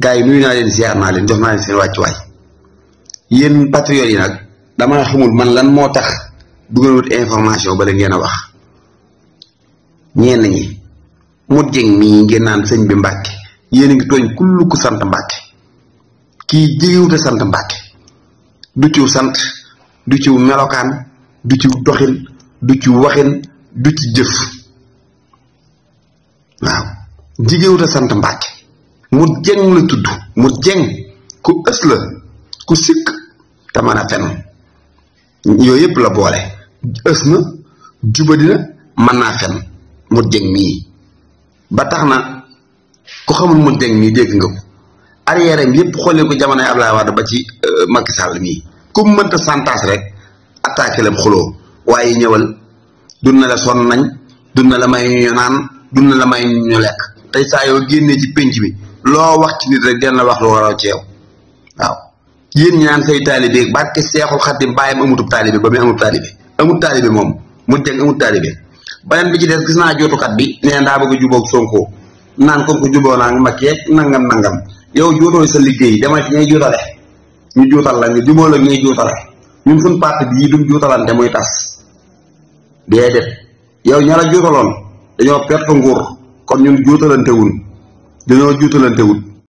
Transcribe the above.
gars yi nuyu naa leen ziar naa leen jox naa leen seen wàccuwaay yéen patriotes yi nag damaa xamul man lan moo tax dugalut information ba la ngeen a wax ñenn ñi mut jëng mii ngeen naan sëñ bi Mbàkke yéen a ngi tooñ kullu sant Mbàkke kii jigéwut a sant Mbàkke du ciw sant du ciw melokaan du ciw doxin du ci waxin du ci jëf waaw jigéwut a sant Mbàkke mu jeng la tudd mu jeng ku ës la ku sikk te mën a fen yooyu yëpp la boole ës na jubadi na mën naa fen mu jeng mii ba tax na ku xamul mu jeng mii dégg nga ko arrière am yëpp xoolee ko jamonoy wax Wade ba ci euh, Macky Sall mii comme mu mënta santaas rek attaqué lam waaye ñëwal dun na la sonn nañ dun na la may ñu naan duna la may ñu lekk tey saa yoo génnee ci pénc mi loo wax ci nit rek den la wax lu waraw ceew waaw yéen ñi naan say taalibe barke seexul xadim bàyyam amutub taalibe ba muy amut taalibe amut taalibe moom mu jëng amut taalibe beneen bi ci des gis naa jootukat bi nee daa bëgg a naan comme que jubóo naa mag yeeg nangam nangam yow jootoo sa liggéey demal ci ñay ñu jootal la nga jubóo la ñay jootale ñun suñ parti bii duñ jootalante muy tas déedéet yow ña la jootaloon dañoo perte nguur kon ñun jootalante wun dañoo juutalante wut